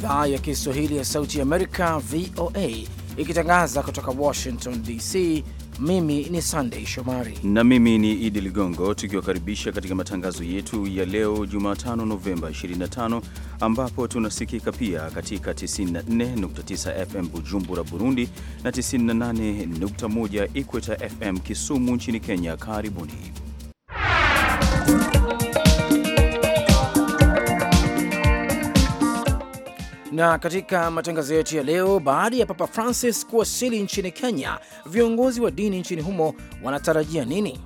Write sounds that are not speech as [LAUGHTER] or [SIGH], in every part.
idhaa ya Kiswahili ya Sauti ya Amerika, VOA, ikitangaza kutoka Washington DC. Mimi ni Sandei Shomari na mimi ni Idi Ligongo, tukiwakaribisha katika matangazo yetu ya leo Jumatano Novemba 25, ambapo tunasikika pia katika 94.9 FM Bujumbura, Burundi na 98.1 Ikweta FM Kisumu nchini Kenya. Karibuni Na katika matangazo yetu ya leo, baada ya Papa Francis kuwasili nchini Kenya, viongozi wa dini nchini humo wanatarajia nini?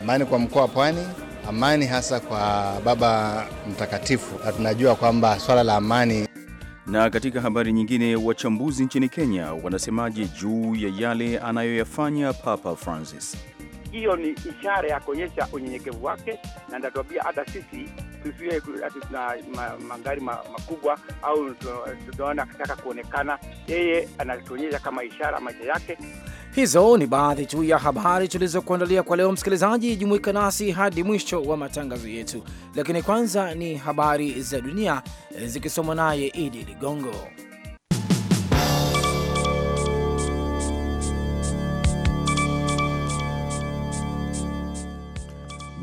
Amani kwa mkoa wa Pwani, amani hasa kwa Baba Mtakatifu, na tunajua kwamba swala la amani. Na katika habari nyingine, wachambuzi nchini Kenya wanasemaje juu ya yale anayoyafanya Papa Francis? Hiyo ni ishara ya kuonyesha unyenyekevu wake, na ndatuambia hata sisi tusiwe ati tuna ma, magari ma, makubwa au tunaona akitaka kuonekana, yeye anatuonyesha kama ishara maisha yake. Hizo ni baadhi tu ya habari tulizokuandalia kwa leo. Msikilizaji, jumuika nasi hadi mwisho wa matangazo yetu, lakini kwanza ni habari za dunia eh, zikisomwa naye Idi Ligongo.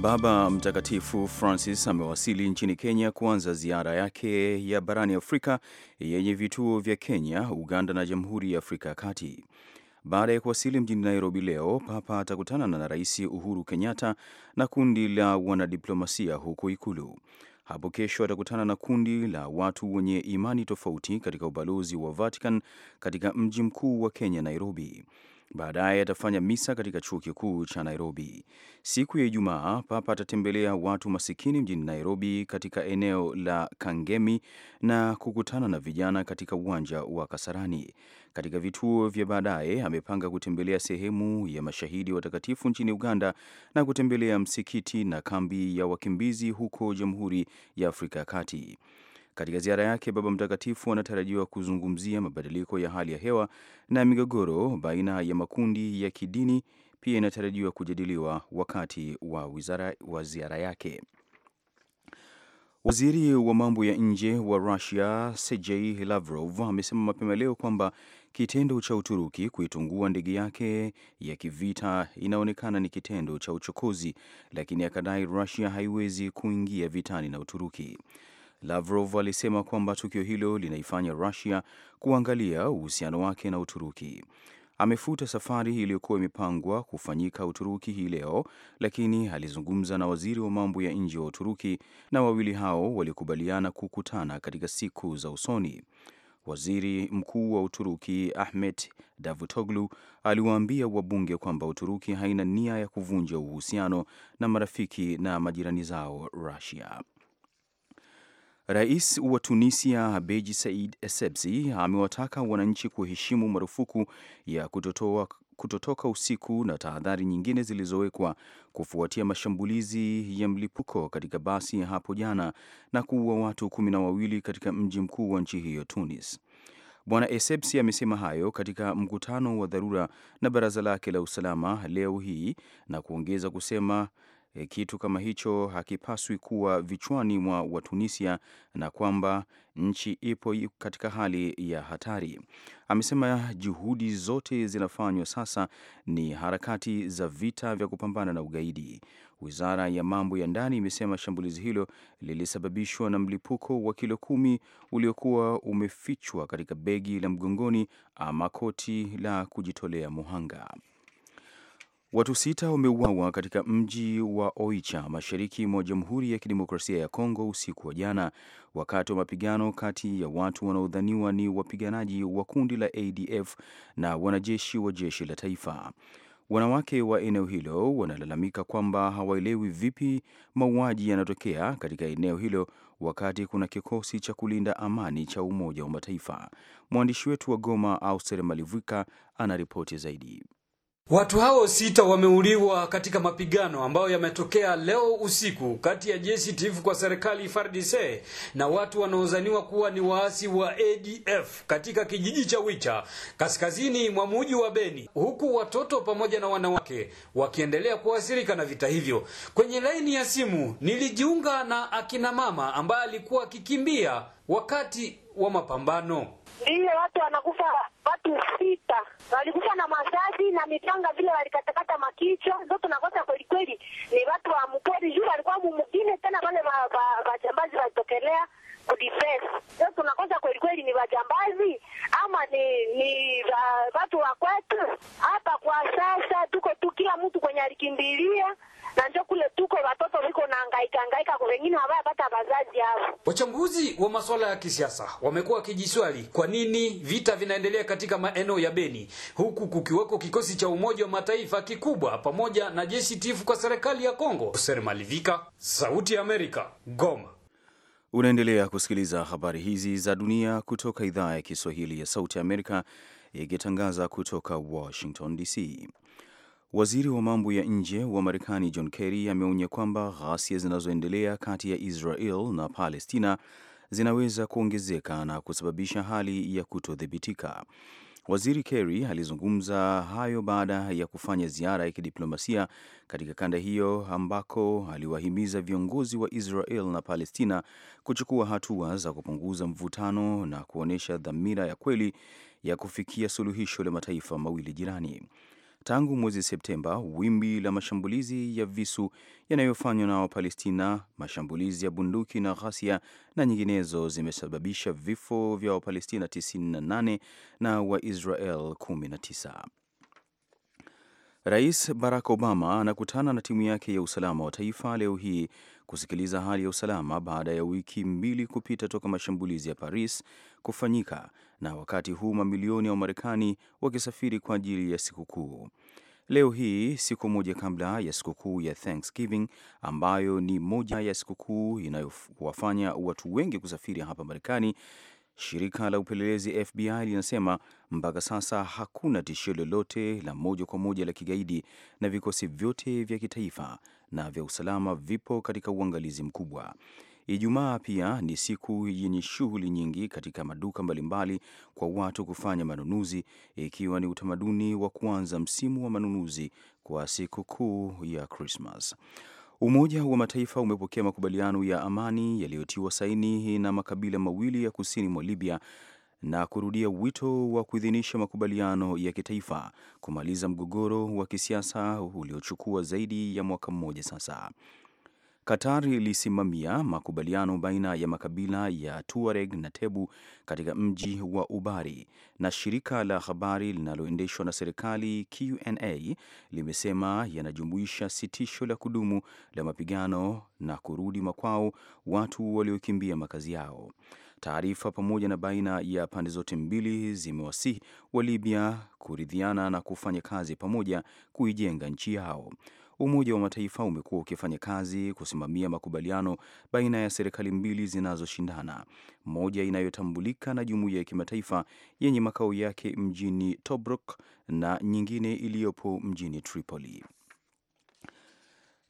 Baba Mtakatifu Francis amewasili nchini Kenya kuanza ziara yake ya barani Afrika yenye vituo vya Kenya, Uganda na Jamhuri ya Afrika ya Kati. Baada ya kuwasili mjini Nairobi leo, Papa atakutana na Rais Uhuru Kenyatta na kundi la wanadiplomasia huko Ikulu. Hapo kesho atakutana na kundi la watu wenye imani tofauti katika ubalozi wa Vatican katika mji mkuu wa Kenya, Nairobi. Baadaye atafanya misa katika chuo kikuu cha Nairobi. Siku ya Ijumaa, Papa atatembelea watu masikini mjini Nairobi katika eneo la Kangemi na kukutana na vijana katika uwanja wa Kasarani. Katika vituo vya baadaye, amepanga kutembelea sehemu ya mashahidi watakatifu nchini Uganda na kutembelea msikiti na kambi ya wakimbizi huko Jamhuri ya Afrika ya Kati. Katika ziara yake, Baba Mtakatifu anatarajiwa kuzungumzia mabadiliko ya hali ya hewa na migogoro baina ya makundi ya kidini pia inatarajiwa kujadiliwa wakati wa wizara wa ziara yake. Waziri wa mambo ya nje wa Russia Sergei Lavrov amesema mapema leo kwamba kitendo cha Uturuki kuitungua ndege yake ya kivita inaonekana ni kitendo cha uchokozi, lakini akadai rusia haiwezi kuingia vitani na Uturuki. Lavrov alisema kwamba tukio hilo linaifanya Rusia kuangalia uhusiano wake na Uturuki. Amefuta safari iliyokuwa imepangwa kufanyika Uturuki hii leo, lakini alizungumza na waziri wa mambo ya nje wa Uturuki na wawili hao walikubaliana kukutana katika siku za usoni. Waziri mkuu wa Uturuki Ahmet Davutoglu aliwaambia wabunge kwamba Uturuki haina nia ya kuvunja uhusiano na marafiki na majirani zao Rusia. Rais wa Tunisia Beji Said Essebsi amewataka wananchi kuheshimu marufuku ya kutotoa kutotoka usiku na tahadhari nyingine zilizowekwa kufuatia mashambulizi ya mlipuko katika basi hapo jana na kuua watu kumi na wawili katika mji mkuu wa nchi hiyo Tunis. Bwana Essebsi amesema hayo katika mkutano wa dharura na baraza lake la usalama leo hii na kuongeza kusema E, kitu kama hicho hakipaswi kuwa vichwani mwa Watunisia na kwamba nchi ipo katika hali ya hatari. Amesema juhudi zote zinafanywa sasa ni harakati za vita vya kupambana na ugaidi. Wizara ya mambo ya ndani imesema shambulizi hilo lilisababishwa na mlipuko wa kilo kumi uliokuwa umefichwa katika begi la mgongoni ama koti la kujitolea muhanga. Watu sita wameuawa katika mji wa Oicha mashariki mwa Jamhuri ya Kidemokrasia ya Kongo usiku wa jana wakati wa mapigano kati ya watu wanaodhaniwa ni wapiganaji wa kundi la ADF na wanajeshi wa jeshi la taifa. Wanawake wa eneo hilo wanalalamika kwamba hawaelewi vipi mauaji yanatokea katika eneo hilo wakati kuna kikosi cha kulinda amani cha Umoja wa Mataifa. Mwandishi wetu wa Goma, Auster Malivika, anaripoti zaidi. Watu hao sita wameuliwa katika mapigano ambayo yametokea leo usiku kati ya jeshi tifu kwa serikali FARDC na watu wanaozaniwa kuwa ni waasi wa ADF katika kijiji cha Wicha kaskazini mwa mji wa Beni, huku watoto pamoja na wanawake wakiendelea kuathirika na vita hivyo. Kwenye laini ya simu nilijiunga na akina mama ambaye alikuwa akikimbia wakati wa mapambano. Ndiyo, watu wanakufa watu sita walikufa na masasi na mipanga vile walikatakata makichwa zote tunakosa kweli kweli, ni watu wa mkweli juu walikuwa mumugine tena, wale wajambazi walitokelea kudefense zote tunakosa kweli kweli, ni wajambazi ama ni ni watu wa kwetu hapa. Kwa sasa tuko tu kila mtu kwenye alikimbilia na njo kule Wachambuzi wa masuala ya kisiasa wamekuwa wakijiswali kwa nini vita vinaendelea katika maeneo ya Beni huku kukiweko kikosi cha Umoja wa Mataifa kikubwa pamoja na jeshi tifu kwa serikali ya Kongo. Ser Malivika, Sauti ya Amerika, Goma. Unaendelea kusikiliza habari hizi za dunia kutoka idhaa ya Kiswahili ya Sauti ya Amerika ikitangaza kutoka Washington DC. Waziri wa mambo ya nje wa Marekani John Kerry ameonya kwamba ghasia zinazoendelea kati ya Israel na Palestina zinaweza kuongezeka na kusababisha hali ya kutodhibitika. Waziri Kerry alizungumza hayo baada ya kufanya ziara ya kidiplomasia katika kanda hiyo ambako aliwahimiza viongozi wa Israel na Palestina kuchukua hatua za kupunguza mvutano na kuonyesha dhamira ya kweli ya kufikia suluhisho la mataifa mawili jirani tangu mwezi Septemba, wimbi la mashambulizi ya visu yanayofanywa na Wapalestina, mashambulizi ya bunduki na ghasia na nyinginezo zimesababisha vifo vya Wapalestina 98 na Waisrael 19. Rais Barack Obama anakutana na timu yake ya usalama wa taifa leo hii kusikiliza hali ya usalama baada ya wiki mbili kupita toka mashambulizi ya Paris kufanyika na wakati huu mamilioni ya Wamarekani wakisafiri kwa ajili ya sikukuu. Leo hii siku moja kabla ya sikukuu ya Thanksgiving ambayo ni moja ya sikukuu inayowafanya watu wengi kusafiri hapa Marekani, shirika la upelelezi FBI linasema mpaka sasa hakuna tishio lolote la moja kwa moja la kigaidi, na vikosi vyote vya kitaifa na vya usalama vipo katika uangalizi mkubwa. Ijumaa pia ni siku yenye shughuli nyingi katika maduka mbalimbali kwa watu kufanya manunuzi, ikiwa ni utamaduni wa kuanza msimu wa manunuzi kwa siku kuu ya Krismas. Umoja wa Mataifa umepokea makubaliano ya amani yaliyotiwa saini na makabila mawili ya kusini mwa Libya na kurudia wito wa kuidhinisha makubaliano ya kitaifa kumaliza mgogoro wa kisiasa uliochukua zaidi ya mwaka mmoja sasa. Qatar ilisimamia makubaliano baina ya makabila ya Tuareg na Tebu katika mji wa Ubari, na shirika la habari linaloendeshwa na serikali QNA limesema yanajumuisha sitisho la kudumu la mapigano na kurudi makwao watu waliokimbia makazi yao. Taarifa pamoja na baina ya pande zote mbili zimewasihi wa libya kuridhiana na kufanya kazi pamoja kuijenga nchi yao. Umoja wa Mataifa umekuwa ukifanya kazi kusimamia makubaliano baina ya serikali mbili zinazoshindana, moja inayotambulika na jumuiya ya kimataifa yenye makao yake mjini Tobruk na nyingine iliyopo mjini Tripoli.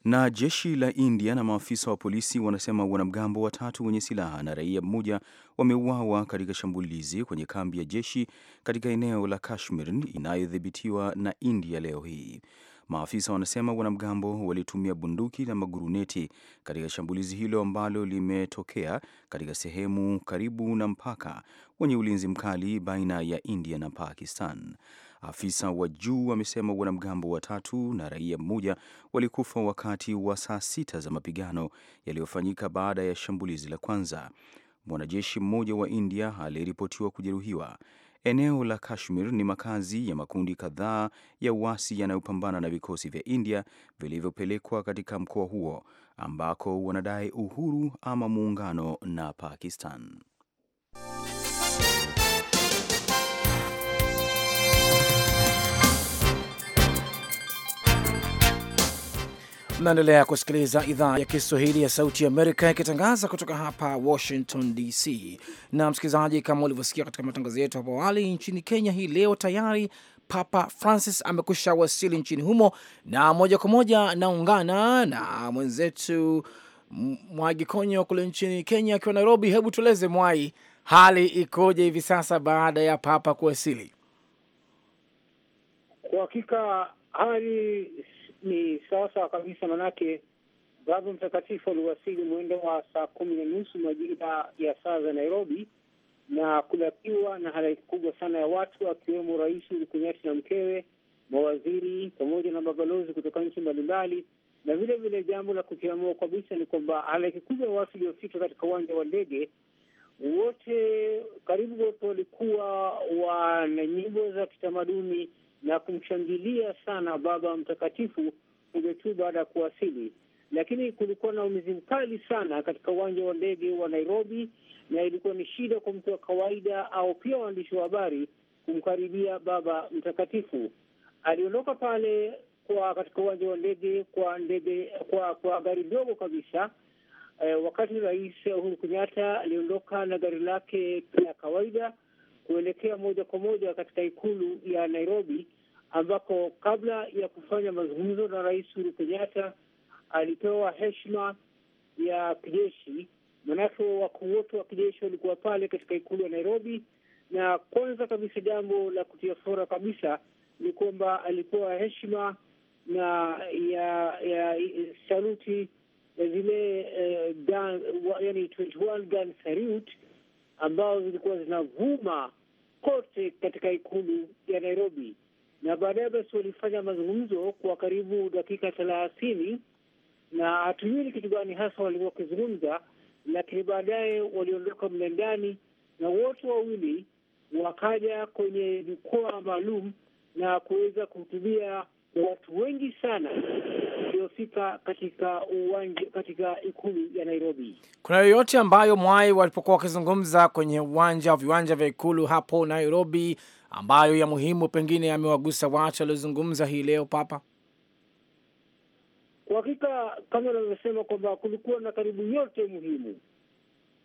Na jeshi la India na maafisa wa polisi wanasema wanamgambo watatu wenye silaha na raia mmoja wameuawa katika shambulizi kwenye kambi ya jeshi katika eneo la Kashmir inayodhibitiwa na India leo hii. Maafisa wanasema wanamgambo walitumia bunduki na maguruneti katika shambulizi hilo ambalo limetokea katika sehemu karibu na mpaka wenye ulinzi mkali baina ya India na Pakistan. Afisa wa juu amesema wanamgambo watatu na raia mmoja walikufa wakati wa saa sita za mapigano yaliyofanyika baada ya shambulizi la kwanza. Mwanajeshi mmoja wa India aliyeripotiwa kujeruhiwa. Eneo la Kashmir ni makazi ya makundi kadhaa ya uasi yanayopambana na vikosi vya India vilivyopelekwa katika mkoa huo ambako wanadai uhuru ama muungano na Pakistan. naendelea kusikiliza idhaa ya Kiswahili ya Sauti ya Amerika ikitangaza kutoka hapa Washington DC. Na msikilizaji, kama ulivyosikia katika matangazo yetu hapo awali, nchini Kenya hii leo tayari Papa Francis amekusha wasili nchini humo, na moja kwa moja naungana na mwenzetu Mwagi Konyo kule nchini Kenya akiwa Nairobi. Hebu tueleze Mwai, hali ikoje hivi sasa baada ya Papa kuwasili? Kwa hakika hali ni sawa kabisa, manake Baba Mtakatifu aliwasili mwendo wa saa kumi na nusu majira ya saa za Nairobi na kulakiwa na halaiki kubwa sana ya watu, akiwemo Rais Uhuru Kenyatta na mkewe, mawaziri pamoja na mabalozi kutoka nchi mbalimbali. Na vile vile jambo la kukiamua kabisa ni kwamba halaiki kubwa ya watu iliyofika katika uwanja wa ndege, wote karibu wote walikuwa wana nyimbo za kitamaduni na kumshangilia sana Baba Mtakatifu punde tu baada ya kuwasili, lakini kulikuwa na umizi mkali sana katika uwanja wa ndege wa Nairobi, na ilikuwa ni shida kwa mtu wa kawaida au pia waandishi wa habari kumkaribia Baba Mtakatifu. Aliondoka pale kwa katika uwanja wa ndege kwa ndege kwa kwa gari ndogo kabisa. Eh, wakati Rais Uhuru Kenyatta aliondoka na gari lake la kawaida kuelekea moja kwa moja katika ikulu ya Nairobi, ambako kabla ya kufanya mazungumzo na Rais Uhuru Kenyatta alipewa heshima ya kijeshi. manake wakuu wote wa kijeshi walikuwa pale katika ikulu ya Nairobi, na kwanza kabisa jambo la kutia fora kabisa ni kwamba alipewa heshima na ya ya saluti ya zile uh, eh, gun, yani 21 gun salute ambazo zilikuwa zinavuma kote katika ikulu ya Nairobi, na baadaye basi walifanya mazungumzo kwa karibu dakika thelathini, na hatujui ni kitu gani hasa walikuwa wakizungumza, lakini baadaye waliondoka mle ndani na wote wawili wakaja kwenye jukwaa maalum na kuweza kuhutubia watu wengi sana yaliyopita katika uwanja katika ikulu ya Nairobi. Kuna yoyote ambayo mwai walipokuwa wakizungumza kwenye uwanja viwanja vya ikulu hapo Nairobi ambayo ya muhimu pengine yamewagusa watu waliozungumza hii leo Papa? Kwa hakika kama unavyosema kwamba kulikuwa na karibu yote muhimu,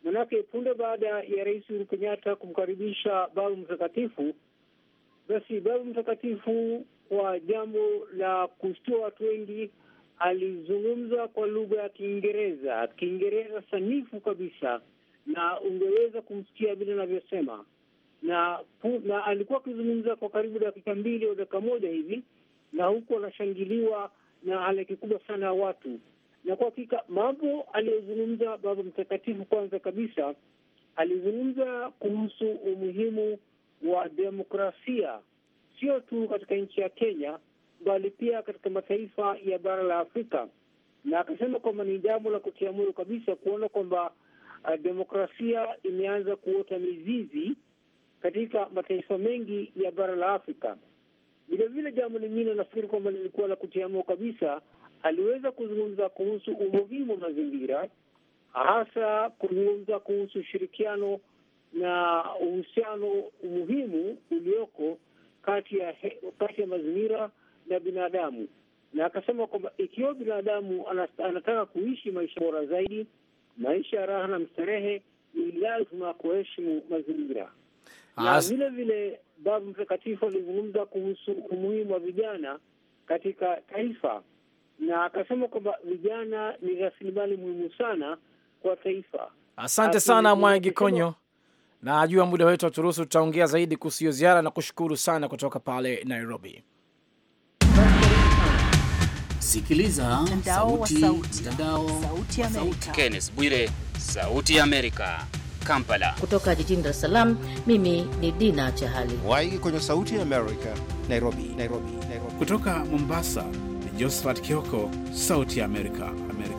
manake punde baada ya Rais Uhuru Kenyatta kumkaribisha Babu Mtakatifu, basi Babu Mtakatifu kwa jambo la kushtua watu wengi alizungumza kwa lugha ya Kiingereza, Kiingereza sanifu kabisa, na ungeweza kumsikia vile anavyosema na, na alikuwa akizungumza kwa karibu dakika mbili au dakika moja hivi, na huku anashangiliwa na halaiki kubwa sana ya watu. Na kwa hakika mambo aliyozungumza Baba Mtakatifu, kwanza kabisa alizungumza kuhusu umuhimu wa demokrasia sio tu katika nchi ya Kenya bali pia katika mataifa ya bara la Afrika, na akasema kwamba ni jambo la moyo kabisa kuona kwamba uh, demokrasia imeanza kuota mizizi katika mataifa mengi ya bara la Afrika. Vilevile jambo lingine nafikiri kwamba lilikuwa la kujiamua kabisa, aliweza kuzungumza kuhusu umuhimu wa mazingira, hasa kuzungumza kuhusu ushirikiano na uhusiano muhimu ulioko kati ya, kati ya mazingira na binadamu, na akasema kwamba ikiwa binadamu anataka kuishi maisha bora zaidi, maisha ya raha na mstarehe, ni lazima kuheshimu mazingira. Na vile vile Baba Mtakatifu alizungumza kuhusu umuhimu wa vijana katika taifa, na akasema kwamba vijana ni rasilimali muhimu sana kwa taifa. Asante sana Mwangi Konyo. Najua muda wetu haturuhusu, tutaongea zaidi kuhusu hiyo ziara, na kushukuru sana kutoka pale Nairobi. Sikiliza mtandao wa sauti, mtandao sauti ya Amerika. Kenneth Bwire, sauti ya Amerika, Kampala. Kutoka jijini Dar es Salaam, mimi ni Dina Chahali Waigi kwenye sauti ya Amerika, Nairobi, Nairobi, Nairobi. Kutoka Mombasa ni Josephat Kioko, sauti ya Amerika, Amerika.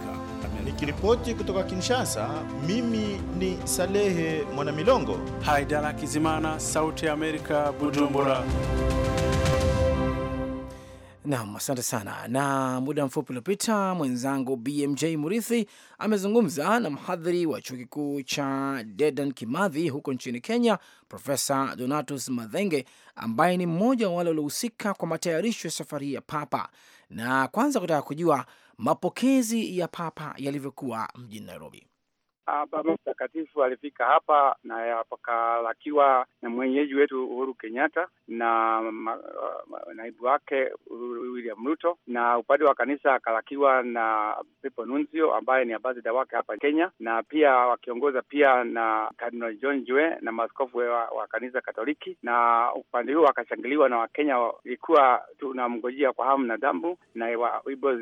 Nikiripoti kutoka Kinshasa, mimi ni Salehe Mwanamilongo. Haidara Kizimana, sauti ya Amerika, Bujumbura. Naam, asante sana. Na muda mfupi uliopita mwenzangu BMJ Murithi amezungumza na mhadhiri wa chuo kikuu cha Dedan Kimathi huko nchini Kenya, Profesa Donatus madhenge ambaye ni mmoja wa wale waliohusika kwa matayarisho ya safari ya Papa, na kwanza kutaka kujua mapokezi ya Papa yalivyokuwa mjini Nairobi. Baba Mtakatifu alifika hapa na apokalakiwa na mwenyeji wetu Uhuru Kenyatta na naibu wake William Ruto, na upande wa kanisa akalakiwa na Pepo Nunzio ambaye ni abasida wake hapa Kenya, na pia wakiongoza pia na Cardinal John Jue na maskofu wa, wa kanisa Katoliki, na upande huo akashangiliwa na Wakenya. Ilikuwa tunamngojea kwa hamu na dambu, na wimbo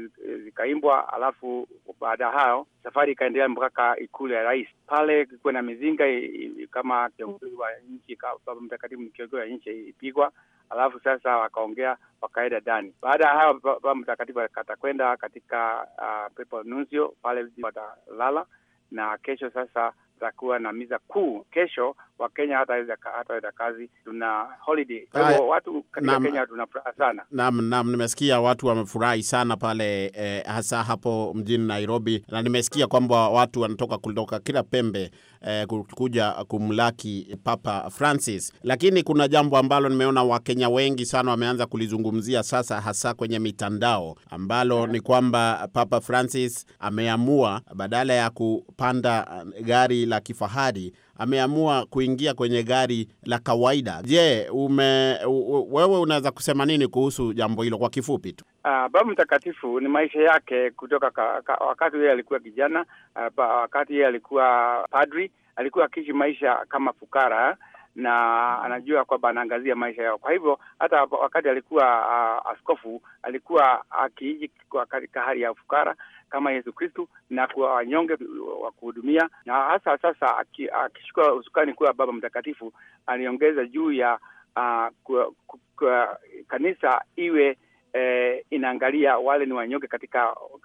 zikaimbwa, alafu baada hayo safari ikaendelea mpaka ikulu ya rais pale, kuna mizinga i, i, kama kiongozi wa nchi baba mtakatifu ni kiongozi wa nchi ipigwa, alafu sasa wakaongea wakaenda ndani. Baada ya hayo, baba mtakatifu atakwenda katika uh, papal nuncio pale watalala, na kesho sasa takuwa na misa kuu kesho Wakenya hataweza hata kazi. Tuna holiday kwa hivyo watu katika nam, Kenya tunafuraha sana nam, nam, nimesikia watu wamefurahi sana pale eh, hasa hapo mjini Nairobi, na nimesikia kwamba watu wanatoka kutoka kila pembe eh, kuja kumlaki Papa Francis. Lakini kuna jambo ambalo nimeona Wakenya wengi sana wameanza kulizungumzia sasa, hasa kwenye mitandao, ambalo ni kwamba Papa Francis ameamua badala ya kupanda eh, gari la kifahari ameamua kuingia kwenye gari la kawaida. Je, ume wewe unaweza kusema nini kuhusu jambo hilo kwa kifupi tu? Uh, Baba Mtakatifu ni maisha yake kutoka ka, ka, wakati yeye alikuwa kijana uh, pa, wakati yeye alikuwa padri, alikuwa akiishi maisha kama fukara na anajua kwamba anaangazia maisha yao. Kwa hivyo hata wakati alikuwa uh, askofu alikuwa akiishi katika hali ya fukara kama Yesu Kristu na kuwa wanyonge wa kuhudumia, na hasa sasa akishuka usukani kuwa Baba Mtakatifu aliongeza juu ya uh, kwa, kwa, kanisa iwe eh, inaangalia wale ni wanyonge katika uh,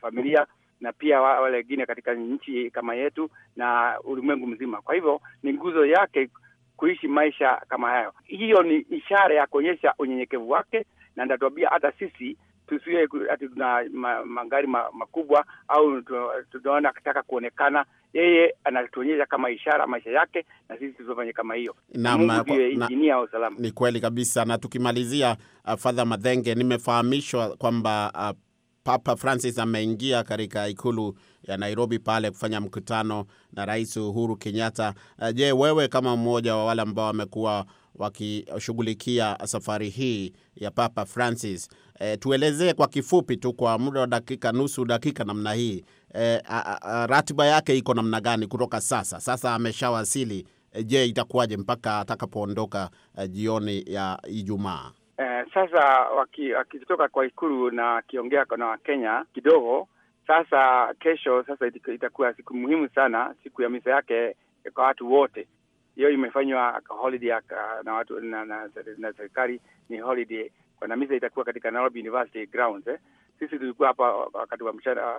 familia na pia wale wengine katika nchi kama yetu na ulimwengu mzima. Kwa hivyo ni nguzo yake kuishi maisha kama hayo. Hiyo ni ishara ya kuonyesha unyenyekevu wake, na ndatuambia hata sisi tusiwe ati tuna ma, magari ma, makubwa au tunaona akitaka kuonekana yeye anatuonyesha kama ishara maisha yake, na sisi tusifanye kama hiyo. Injinia wa usalama, ni kweli kabisa. Na tukimalizia, uh, Fadha Madhenge, nimefahamishwa kwamba uh, Papa Francis ameingia katika ikulu ya Nairobi pale kufanya mkutano na Rais Uhuru Kenyatta. Uh, je, wewe kama mmoja wa wale ambao wamekuwa wakishughulikia safari hii ya Papa Francis. E, tuelezee kwa kifupi tu kwa muda wa dakika nusu dakika namna hii e, ratiba yake iko namna gani kutoka sasa? Sasa ameshawasili, e, je, itakuwaje mpaka atakapoondoka e, jioni ya Ijumaa? E, sasa wakitoka waki kwa ikulu na akiongea na Wakenya kidogo. Sasa kesho, sasa itakuwa siku muhimu sana, siku ya misa yake kwa watu wote hiyo imefanywa holiday na watu na, na, na serikali ni holiday kwa namisa itakuwa katika Nairobi University grounds eh. Sisi tulikuwa hapa wakati wa mchana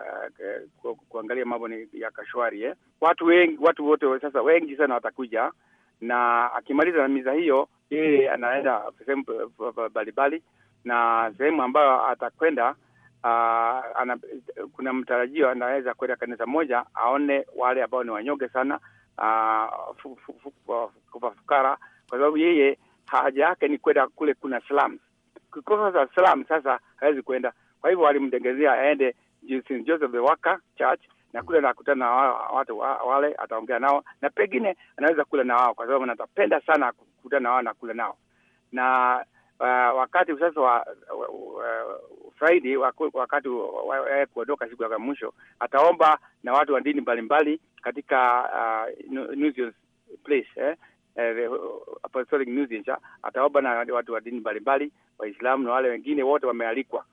uh, kuangalia mambo ni ya kashwari eh. Watu wengi, watu wote sasa wengi sana watakuja, na akimaliza na miza hiyo yeye anaenda sehemu eh, mbalimbali, na sehemu ambayo atakwenda uh, ana, kuna mtarajio anaweza kwenda kanisa moja aone wale ambao ni wanyonge sana Ah, kwa fukara, kwa sababu yeye haja yake ni kwenda kule, kuna slums. Kikosa za slam sasa hawezi kwenda, kwa hivyo walimtengezea aende Joseph waka Church na kule nakutana na watu wale, ataongea nao na pengine anaweza kula na wao, kwa sababu natapenda sana kukutana na wao na kula nao na uh, wakati sasa wa, wa, Friday wakati wae kuondoka siku ya mwisho, ataomba na watu wa dini mbalimbali katika uh, Nunzio's place eh? eh Apostolic Nuncio ataomba na watu wa dini mbalimbali, Waislamu na wale wengine wote wamealikwa.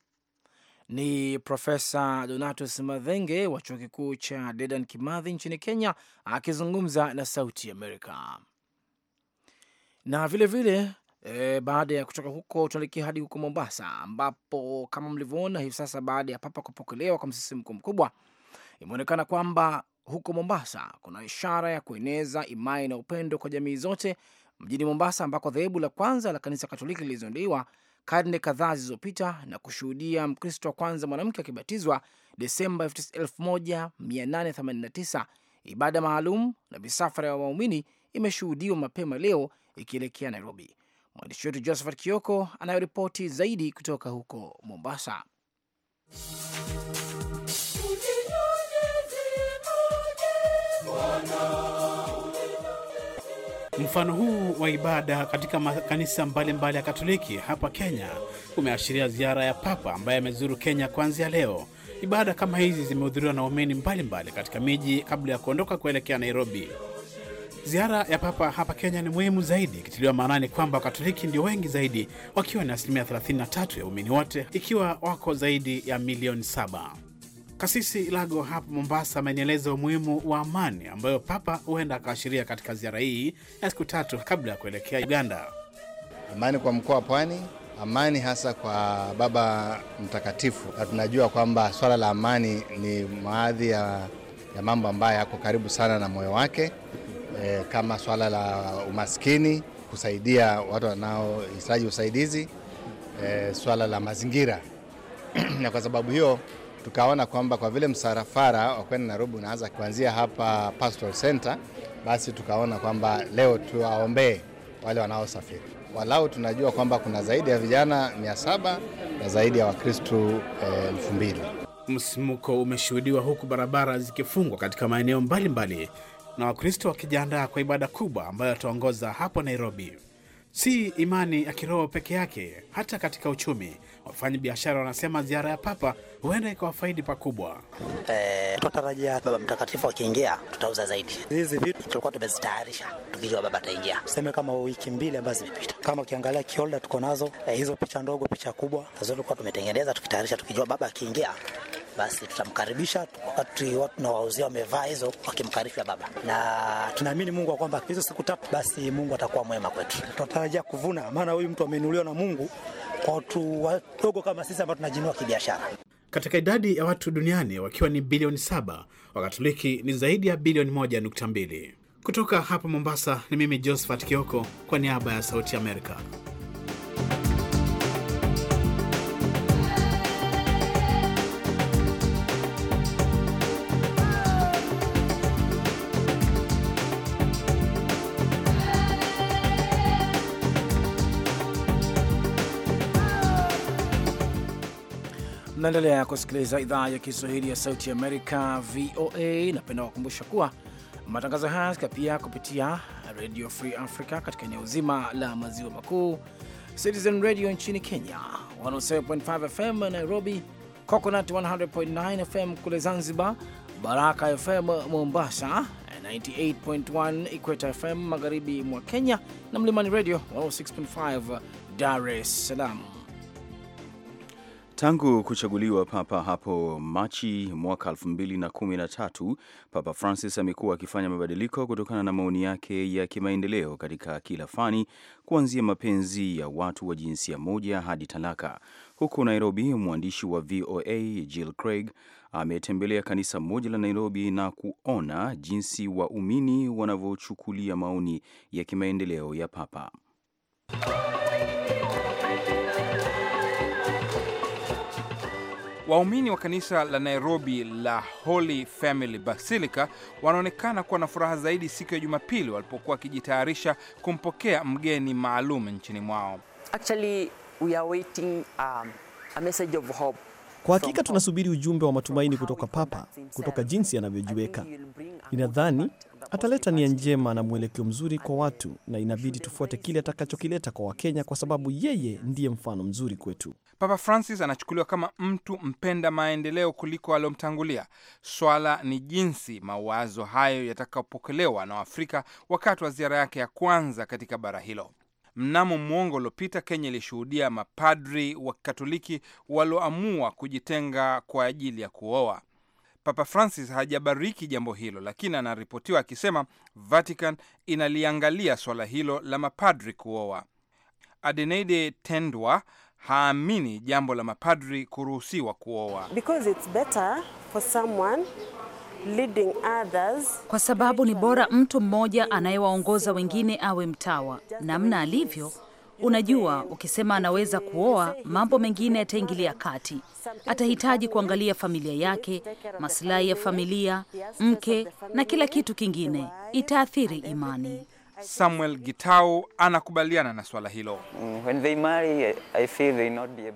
Ni Profesa Donatus Madhenge wa chuo kikuu cha Dedan Kimathi nchini Kenya akizungumza na Sauti Amerika. Na vilevile vile, E, baada ya kutoka huko tunaelekea hadi huko Mombasa ambapo kama mlivyoona hivi sasa baada ya papa kupokelewa kwa msisimko mkubwa, imeonekana kwamba huko Mombasa kuna ishara ya kueneza imani na upendo kwa jamii zote mjini Mombasa, ambako dhehebu la kwanza la kanisa Katoliki lilizondiwa karne kadhaa zilizopita na kushuhudia Mkristo wa kwanza mwanamke akibatizwa Desemba 1889. Ibada maalum na misafara ya waumini imeshuhudiwa mapema leo ikielekea Nairobi. Mwandishi wetu Josephat Kioko anayoripoti zaidi kutoka huko Mombasa. Mfano huu wa ibada katika makanisa mbalimbali ya Katoliki hapa Kenya umeashiria ziara ya Papa ambaye amezuru Kenya kuanzia leo. Ibada kama hizi zimehudhuriwa na waumini mbalimbali katika miji kabla ya kuondoka kuelekea Nairobi. Ziara ya Papa hapa Kenya ni muhimu zaidi, ikitiliwa maanani kwamba Wakatoliki ndio wengi zaidi, wakiwa ni asilimia 33 ya umini wote, ikiwa wako zaidi ya milioni saba. Kasisi Lago hapa Mombasa amenieleza umuhimu wa amani ambayo Papa huenda akaashiria katika ziara hii ya siku tatu kabla ya kuelekea Uganda. Amani kwa mkoa wa Pwani, amani hasa kwa Baba Mtakatifu, na tunajua kwamba swala la amani ni maadhi ya, ya mambo ambayo yako karibu sana na moyo wake e, kama swala la umaskini, kusaidia watu wanaohitaji usaidizi, e, swala la mazingira [CLEARS THROAT] na kwa sababu hiyo tukaona kwamba kwa vile msarafara wa kwenda Nairobi unaanza kuanzia hapa Pastoral Center, basi tukaona kwamba leo tuwaombee wale wanaosafiri. Walau tunajua kwamba kuna zaidi ya vijana saba na zaidi ya Wakristu eh, elfu mbili. Msimuko umeshuhudiwa huku barabara zikifungwa katika maeneo mbalimbali na Wakristo wakijiandaa kwa ibada kubwa ambayo wataongoza hapo Nairobi. Si imani ya kiroho peke yake, hata katika uchumi. Wafanya biashara wanasema ziara ya Papa huenda ikawafaidi pakubwa. Eh, Tutatarajia Baba Mtakatifu akiingia tutauza zaidi. Hizi vitu tulikuwa tumezitayarisha tukijua Baba ataingia, tuseme kama wiki mbili ambazo zimepita. Kama ukiangalia kiolda tuko nazo eh, hizo picha ndogo, picha kubwa, zote tulikuwa tumetengeneza tukitayarisha, tukijua Baba akiingia basi tutamkaribisha wakati watu nawauzia wamevaa hizo wakimkaribisha baba, na tunaamini Mungu kwamba hizo siku tatu basi Mungu atakuwa mwema kwetu. Tunatarajia kuvuna, maana huyu mtu ameinuliwa na Mungu kwa watu wadogo kama sisi ambao tunajinua kibiashara. Katika idadi ya watu duniani wakiwa ni bilioni saba, Wakatoliki ni zaidi ya bilioni moja nukta mbili. Kutoka hapa Mombasa ni mimi Josephat Kioko kwa niaba ya Sauti Amerika. Unaendelea kusikiliza idhaa ya Kiswahili ya Sauti Amerika, VOA. Napenda kukumbusha kuwa matangazo haya yanasikika pia kupitia Radio Free Africa katika eneo zima la maziwa makuu, Citizen Radio nchini Kenya 107.5 FM Nairobi, Coconut 100.9 FM kule Zanzibar, Baraka FM Mombasa 98.1, Equator FM magharibi mwa Kenya na Mlimani Radio 106.5 Dar es Salaam. Tangu kuchaguliwa papa hapo Machi mwaka 2013, Papa Francis amekuwa akifanya mabadiliko kutokana na maoni yake ya kimaendeleo katika kila fani, kuanzia mapenzi ya watu wa jinsia moja hadi talaka. Huku Nairobi, mwandishi wa VOA Jill Craig ametembelea kanisa moja la Nairobi na kuona jinsi waumini wanavyochukulia maoni ya kimaendeleo ya papa Waumini wa kanisa la Nairobi la Holy Family Basilica wanaonekana kuwa na furaha zaidi siku ya Jumapili walipokuwa wakijitayarisha kumpokea mgeni maalum nchini mwao. Actually, we are waiting, um, a message of hope. Kwa hakika tunasubiri ujumbe wa matumaini kutoka Papa, kutoka jinsi anavyojiweka. Ninadhani ataleta nia njema na mwelekeo mzuri kwa watu, na inabidi tufuate kile atakachokileta kwa Wakenya, kwa sababu yeye ndiye mfano mzuri kwetu. Papa Francis anachukuliwa kama mtu mpenda maendeleo kuliko aliomtangulia. Swala ni jinsi mawazo hayo yatakapokelewa na Waafrika wakati wa ziara yake ya kwanza katika bara hilo. Mnamo mwongo uliopita Kenya ilishuhudia mapadri wa Katoliki walioamua kujitenga kwa ajili ya kuoa. Papa Francis hajabariki jambo hilo, lakini anaripotiwa akisema Vatican inaliangalia swala hilo la mapadri kuoa. Adenaide Tendwa haamini jambo la mapadri kuruhusiwa kuoa kwa sababu ni bora mtu mmoja anayewaongoza wengine awe mtawa. Namna alivyo, unajua, ukisema anaweza kuoa, mambo mengine yataingilia kati. Atahitaji kuangalia familia yake, masilahi ya familia, mke na kila kitu kingine, itaathiri imani. Samuel Gitau anakubaliana na swala hilo. Mm,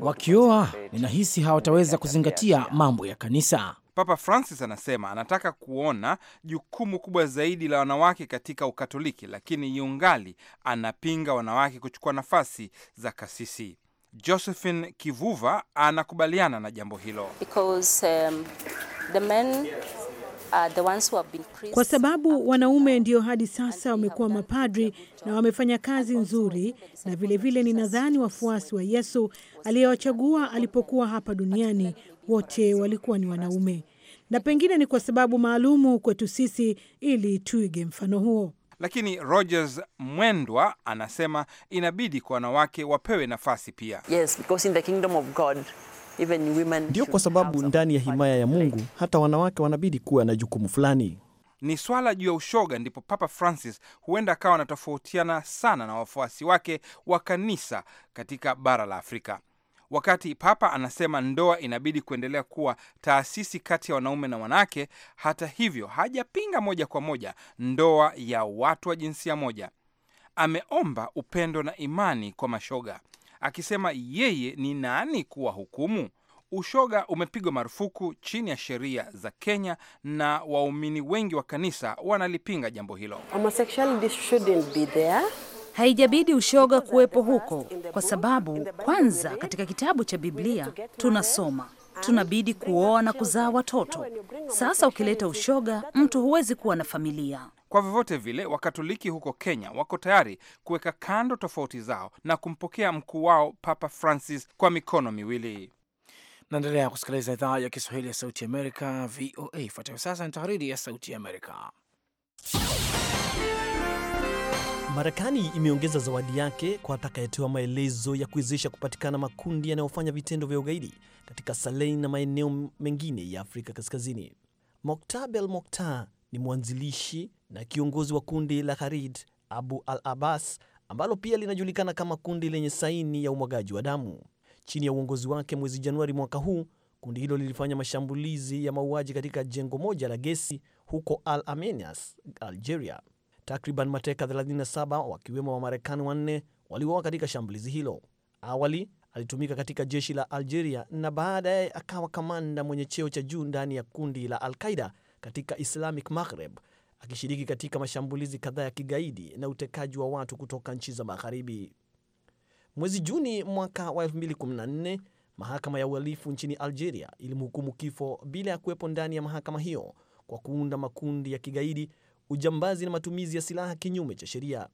Wakioa, ninahisi hawataweza kuzingatia mambo ya kanisa. Papa Francis anasema anataka kuona jukumu kubwa zaidi la wanawake katika Ukatoliki, lakini yungali anapinga wanawake kuchukua nafasi za kasisi. Josephine Kivuva anakubaliana na jambo hilo Because, um, the men... Uh, kwa sababu wanaume ndio hadi sasa wamekuwa mapadri na wamefanya kazi nzuri, na vilevile ninadhani wafuasi wa Yesu aliyewachagua alipokuwa hapa duniani wote walikuwa ni wanaume, na pengine ni kwa sababu maalumu kwetu sisi ili tuige mfano huo. Lakini Rogers Mwendwa anasema inabidi kwa wanawake wapewe nafasi pia. Yes, because in the kingdom of God ndio kwa sababu ndani ya himaya ya Mungu hata wanawake wanabidi kuwa na jukumu fulani. Ni swala juu ya ushoga, ndipo Papa Francis huenda akawa anatofautiana sana na wafuasi wake wa kanisa katika bara la Afrika. Wakati Papa anasema ndoa inabidi kuendelea kuwa taasisi kati ya wanaume na wanawake, hata hivyo hajapinga moja kwa moja ndoa ya watu wa jinsia moja. Ameomba upendo na imani kwa mashoga akisema yeye ni nani kuwa hukumu. Ushoga umepigwa marufuku chini ya sheria za Kenya, na waumini wengi wa kanisa wanalipinga jambo hilo. Haijabidi ushoga kuwepo huko, kwa sababu kwanza, katika kitabu cha Biblia tunasoma tunabidi kuoa na kuzaa watoto. Sasa ukileta ushoga, mtu huwezi kuwa na familia. Kwa vyovyote vile, Wakatoliki huko Kenya wako tayari kuweka kando tofauti zao na kumpokea mkuu wao Papa Francis kwa mikono miwili. Naendelea kusikiliza idhaa ya Kiswahili ya Sauti Amerika, VOA. Ifuatayo sasa ni tahariri ya Sauti Amerika. Marekani imeongeza zawadi yake kwa atakayetoa maelezo ya kuwezesha kupatikana makundi yanayofanya vitendo vya ugaidi katika Salei na maeneo mengine ya Afrika Kaskazini. Moktar Bel Moktar ni mwanzilishi na kiongozi wa kundi la Harid Abu al Abbas ambalo pia linajulikana kama kundi lenye saini ya umwagaji wa damu. Chini ya uongozi wake, mwezi Januari mwaka huu, kundi hilo lilifanya mashambulizi ya mauaji katika jengo moja la gesi huko Al Amenas, Algeria. Takriban mateka 37 wakiwemo Wamarekani wanne waliuawa katika shambulizi hilo. Awali alitumika katika jeshi la Algeria na baadaye akawa kamanda mwenye cheo cha juu ndani ya kundi la Al Qaida katika Islamic Maghreb akishiriki katika mashambulizi kadhaa ya kigaidi na utekaji wa watu kutoka nchi za magharibi. Mwezi Juni mwaka wa 2014 mahakama ya uhalifu nchini Algeria ilimhukumu kifo bila ya kuwepo ndani ya mahakama hiyo kwa kuunda makundi ya kigaidi, ujambazi na matumizi ya silaha kinyume cha sheria.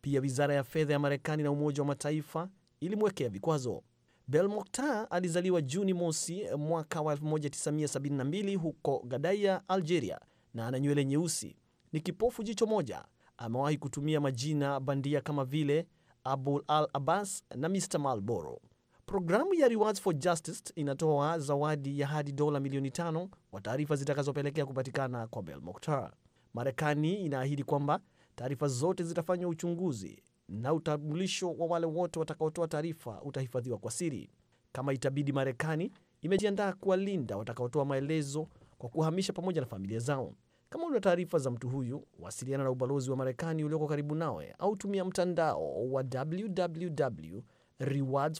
Pia wizara ya fedha ya Marekani na Umoja wa Mataifa ilimwekea vikwazo. Belmokhtar alizaliwa Juni mosi mwaka wa 1972 huko Gadaia, Algeria, na ana nywele nyeusi. Ni kipofu jicho moja. Amewahi kutumia majina bandia kama vile Abul Al Abbas na Mr malboro Programu ya Rewards for Justice inatoa zawadi ya hadi dola milioni tano kwa taarifa zitakazopelekea kupatikana kwa Bel Moktar. Marekani inaahidi kwamba taarifa zote zitafanywa uchunguzi na utambulisho wa wale wote watakaotoa taarifa utahifadhiwa kwa siri. Kama itabidi, Marekani imejiandaa kuwalinda watakaotoa maelezo kwa kuhamisha pamoja na familia zao. Kama una taarifa za mtu huyu, wasiliana na ubalozi wa Marekani ulioko karibu nawe au tumia mtandao wa www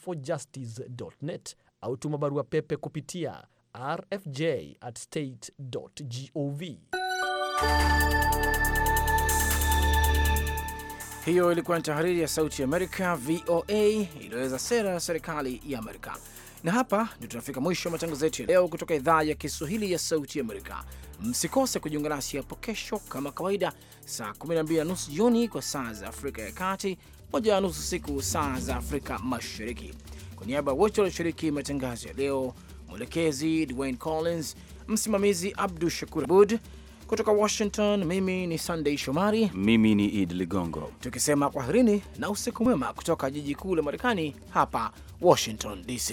for justicenet au tuma barua pepe kupitia rfj at state gov. Hiyo ilikuwa ni tahariri ya Sauti ya Amerika, VOA, iliyoweza sera ya serikali ya Amerika. Na hapa ndio tunafika mwisho wa matangazo yetu ya leo kutoka idhaa ya Kiswahili ya Sauti Amerika. Msikose kujiunga nasi hapo kesho kama kawaida, saa 12 na nusu jioni kwa saa za Afrika ya Kati, moja na nusu siku saa za Afrika Mashariki. Kwa niaba ya wote walioshiriki matangazo ya leo, mwelekezi Dwayne Collins, msimamizi Abdu Shakur Abud, kutoka Washington, mimi ni Sunday Shomari, mimi ni Id Ligongo, tukisema kwaherini na usiku mwema kutoka jiji kuu la Marekani, hapa Washington DC.